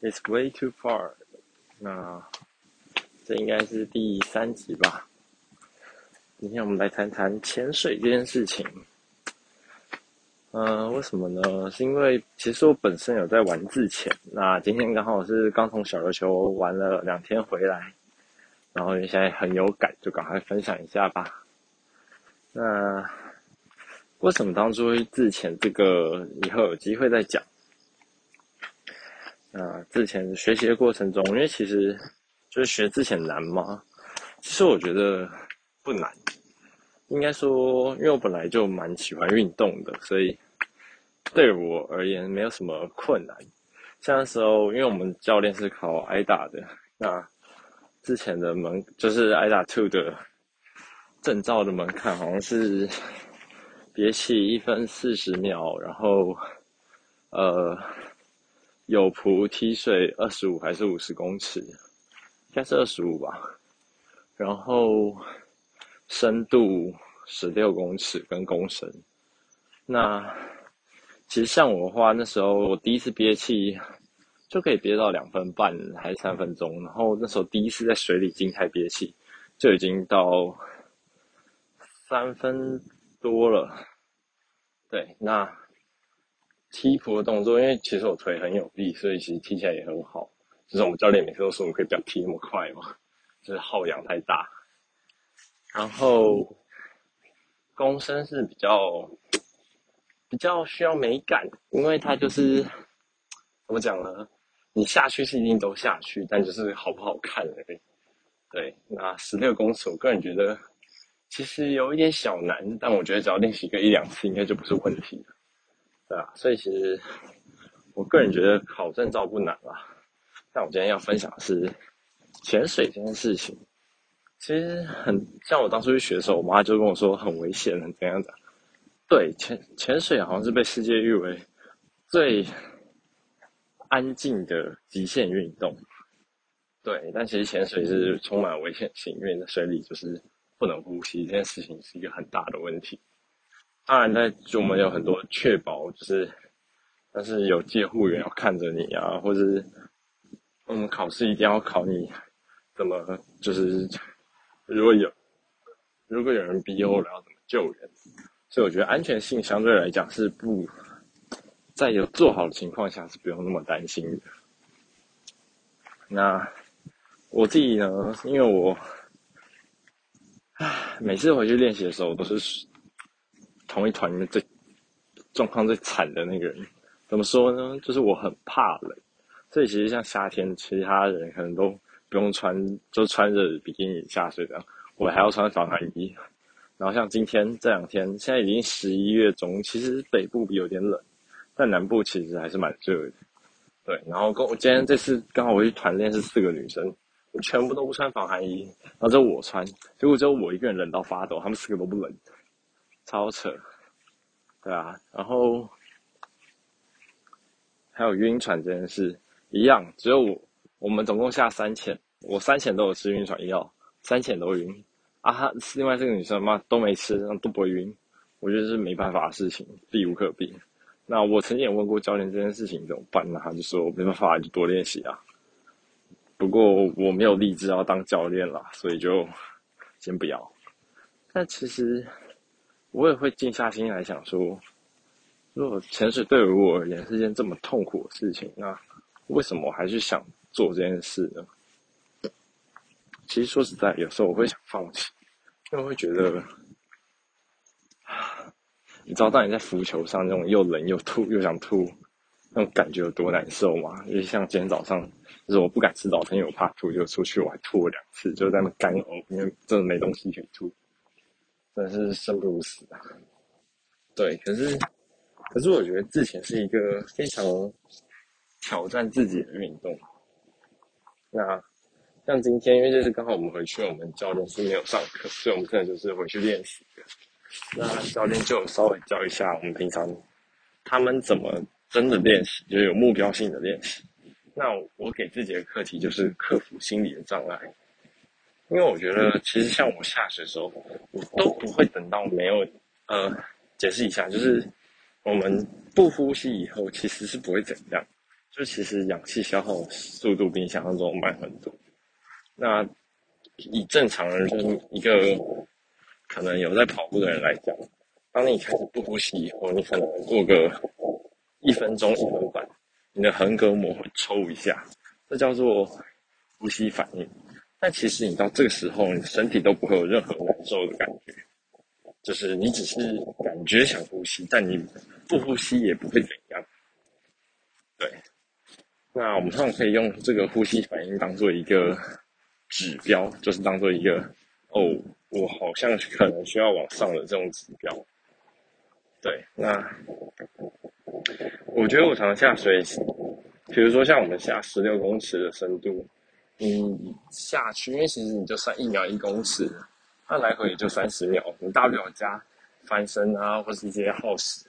It's way too far 那，那這應該是第三集吧？今天我們來談談潛水這件事情。嗯、呃，為什麼呢？是因為其實我本身有在玩自潛，那今天剛好是剛從小琉球玩了兩天回來，然後現在很有感，就趕快分享一下吧。那為什麼當初會自潛這個？以後有機會再講。啊，之前學習的過程中，因為其實就是學之前難嘛？其實我覺得不難，應該說，因為我本來就蠻喜歡運動的，所以對我而言沒有什麼困難。像那時候，因為我們教練是考 AIDA 的，那之前的門就是 AIDA 2的證照的門檻，好像是憋氣一分四十秒，然後呃。有蹼踢水二十五還是五十公尺？應該是二十五吧。然後深度十六公尺跟公深。那其實像我的話，那時候我第一次憋氣就可以憋到兩分半還是三分鐘。然後那時候第一次在水裡靜態憋氣就已經到三分多了。對，那。踢蹼的動作，因為其實我腿很有力，所以其實踢起來也很好。就是我們教練每次都說，我們可以不要踢那麼快嘛，就是耗氧太大。然後弓身是比較比較需要美感，因為它就是怎麼講呢？你下去是一定都下去，但就是好不好看而已。對，那十六公尺我個人覺得其實有一點小難，但我覺得只要練習個一兩次，應該就不是問題了。對啊，所以其實我個人覺得考證照不難吧。但我今天要分享的是潛水這件事情，其實很像我當初去學的時候，我媽就跟我說很危險的，很怎樣的。對，潛潛水好像是被世界譽為最安靜的極限運動。對，但其實潛水是充滿危險性，因為在水裡就是不能呼吸，這件事情是一個很大的問題。當然，在我們有很多的確保，就是，但是有救護員要看着你啊，或者是我們、嗯、考試一定要考你怎麼，就是如果有如果有人 BO，然後怎麼救人，所以我覺得安全性相對來講是不，在有做好的情況下是不用那麼擔心的。那我自己呢，因為我每次回去練習的時候，我都是。同一團裡面最狀況最慘的那個人，怎麼說呢？就是我很怕冷，所以其實像夏天，其他人可能都不用穿，就穿着比基尼下水的，我還要穿防寒衣。然後像今天這兩天，現在已經十一月中，其實北部比有點冷，但南部其實還是蠻熱的。對，然後跟我今天這次剛好我去團練是四個女生，我全部都不穿防寒衣，然後只有我穿，結果只有我一個人冷到發抖，她們四個都不冷。超扯，對啊，然後還有暈船這件事一樣，只有我，我們總共下三潛，我三潛都有吃暈船藥，三潛都暈。啊哈，另外這個女生嘛都沒吃，都不會暈。我覺得是沒辦法的事情，避無可避。那我曾經也問過教練這件事情怎麼辦呢、啊？他就說我沒辦法，就多練習啊。不過我沒有立志要當教練了，所以就先不要。但其實。我也會靜下心來想說，如果潛水對於我而言是件這麼痛苦的事情，那為什麼我還是想做這件事呢？其實說實在，有時候我會想放棄，因為我會覺得，嗯啊，你知道當你在浮球上那種又冷又吐又想吐那種感覺有多難受嗎？尤其像今天早上，就是我不敢吃早餐，因為我怕吐，就出去我還吐了兩次，就在那乾嘔，因為真的沒東西可以吐。真是的生不如死啊！對，可是，可是我覺得之前是一個非常挑戰自己的運動。那像今天，因為就是剛好我們回去，我們教練是沒有上課，所以我們可能就是回去練習。那教練就稍微教一下我們平常他們怎麼真的練習，就是有目標性的練習。那我給自己的課題就是克服心理的障礙。因為我覺得，其實像我下水的時候，我都不會等到沒有。呃，解釋一下，就是我們不呼吸以後，其實是不會怎樣。就其實氧氣消耗速度比你想象中慢很多。那以正常人生一個可能有在跑步的人來講，當你開始不呼吸以後，你可能過個一分鐘一分半，你的橫膈膜會抽一下，這叫做呼吸反應。但其實你到這個時候，你身體都不會有任何難受的感覺，就是你只是感覺想呼吸，但你不呼吸也不會怎樣。對，那我們通常可以用這個呼吸反應當做一個指標，就是當做一個哦，我好像可能需要往上的這種指標。對，那我覺得我常常下水，比如說像我們下十六公尺的深度。嗯，下去，因為其實你就算一秒一公尺，那來回也就三十秒。你大不了加翻身啊，或是一些耗時，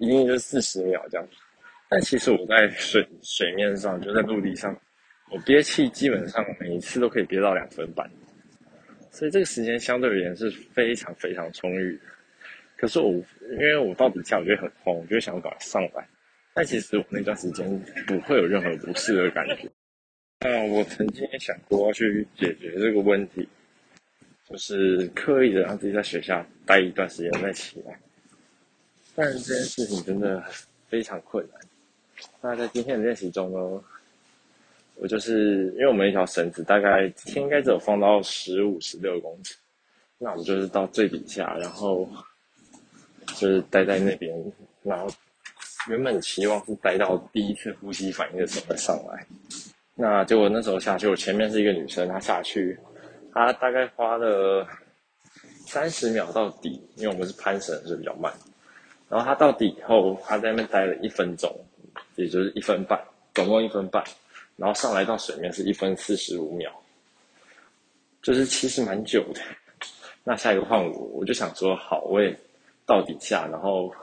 一定就是四十秒這樣。但其實我在水水面上，就在陸地上，我憋氣基本上每一次都可以憋到兩分半，所以這個時間相對而言是非常非常充裕的。可是我因為我到底下，我就很慌，我就想趕快上來。但其實我那段時間不會有任何不適的感覺。 那我曾經也想過要去解決這個問題，就是刻意的讓自己在學校待一段時間再起來，但是這件事情真的非常困難。那在今天的練習中呢，我就是因為我們一條繩子大概今天應該只有放到十五、十六公尺，那我們就是到最底下，然後就是待在那邊，然後原本期望是待到第一次呼吸反應的時候再上來。那結果那時候下去，我前面是一個女生，她下去，她大概花了三十秒到底，因為我們是攀繩是比較慢。然後她到底以後，她在那邊待了一分鐘，也就是一分半，總共一分半，然後上來到水面是一分四十五秒，就是其實蠻久的。那下一個換我，我就想說好，我也到底下，然後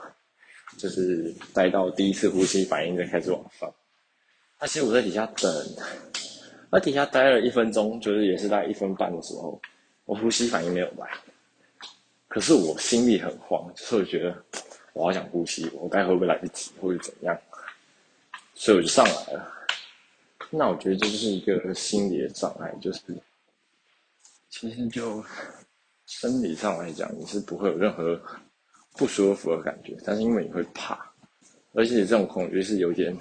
就是待到第一次呼吸反應，再開始往上。而、啊、且我在底下等，在、啊、底下待了一分鐘，就是也是大概一分半的時候，我呼吸反應沒有來，可是我心裡很慌，所以我覺得我好想呼吸，我該會不會來得及，或者怎樣，所以我就上來了。那我覺得這就是一個心理的障礙，就是其實就生理上來講，你是不會有任何不舒服的感覺，但是因為你會怕，而且這種恐懼是有點。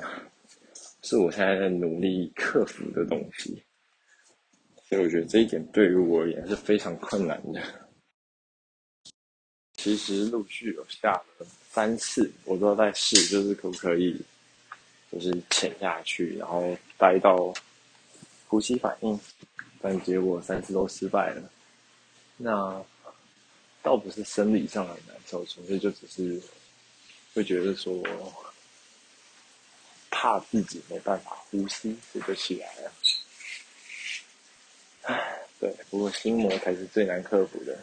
是我現在在努力克服的東西，所以我覺得這一點對於我而言是非常困難的。其實陸續有下了三次，我都在試，就是可不可以，就是潛下去，然後待到呼吸反應，但結果三次都失敗了。那倒不是生理上很難受，所以就只是會覺得說。怕自己沒辦法呼吸，這就起來了。唉，對，不過心魔才是最難克服的，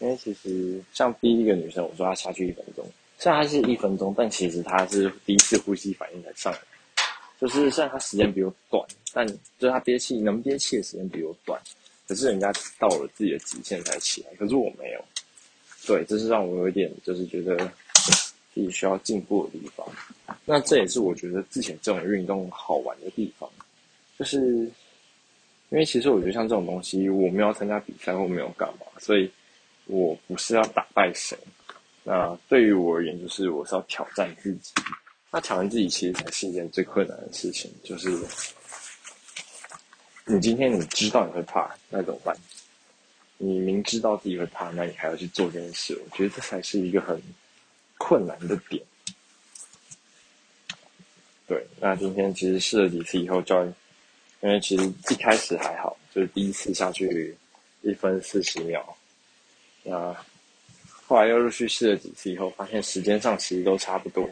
因為其實像第一個女生，我說她下去一分鐘，雖然她是一分鐘，但其實她是第一次呼吸反應才上來。就是像她時間比我短，但就是她憋氣能憋氣的時間比我短，可是人家到了自己的極限才起來，可是我沒有，對，這是讓我有一點就是覺得。需要進步的地方，那這也是我覺得之前這種運動好玩的地方，就是因為其實我覺得像這種東西，我沒有參加比賽或沒有幹嘛，所以我不是要打敗誰。那對於我而言，就是我是要挑戰自己。那挑戰自己其實才是一件最困難的事情，就是你今天你知道你會怕，那怎麼辦？你明知道自己會怕，那你還要去做這件事？我覺得這才是一個很。困難的點，對。那今天其實試了幾次以後，教練，因為其實一開始還好，就是第一次下去一分四十秒。那後來又陸續試了幾次以後，發現時間上其實都差不多。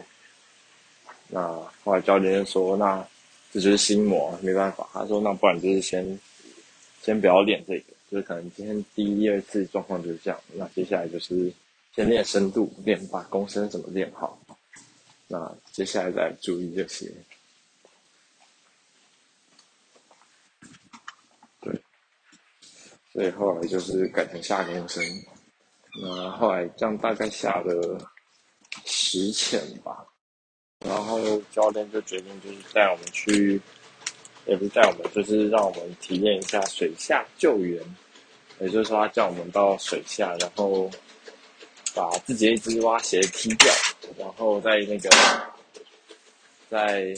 那後來教練就說，那這就是心魔，沒辦法。他說，那不然就是先先不要練這個，就是可能今天第一、二次狀況就是這樣。那接下來就是。先練深度，練把弓身怎麼練好。那接下來再來注意這些。對，所以後來就是改成下弓身。那後來這樣大概下了十淺吧。然後教練就決定就是帶我們去，也不是帶我們，就是讓我們體驗一下水下救援。也就是說，他叫我們到水下，然後。把自己的一隻蛙鞋踢掉，然後再那個，再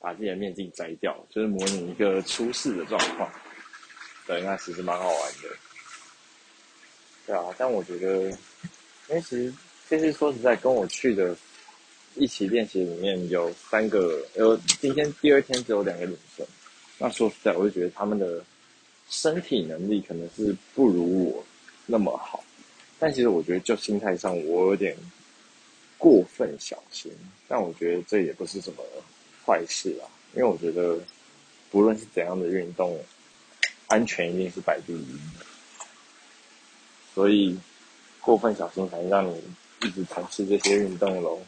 把自己的面鏡摘掉，就是模擬一個出事的狀況。對，那其實蠻好玩的。對啊，但我覺得，因為其實這次說實在，跟我去的一起練習裡面有三個，有，今天第二天只有兩個女生。那說實在，我就覺得他們的身體能力可能是不如我那麼好。但其實我覺得，就心態上，我有點過分小心。但我覺得這也不是什麼壞事啊，因為我覺得，不論是怎樣的運動，安全一定是擺在第一。所以，過分小心才能讓你一直嘗試這些運動嘍。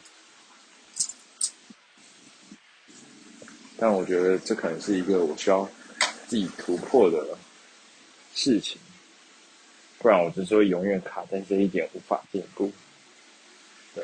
但我覺得這可能是一個我需要自己突破的事情。不然我就是會永遠卡在這一點，無法進步。對。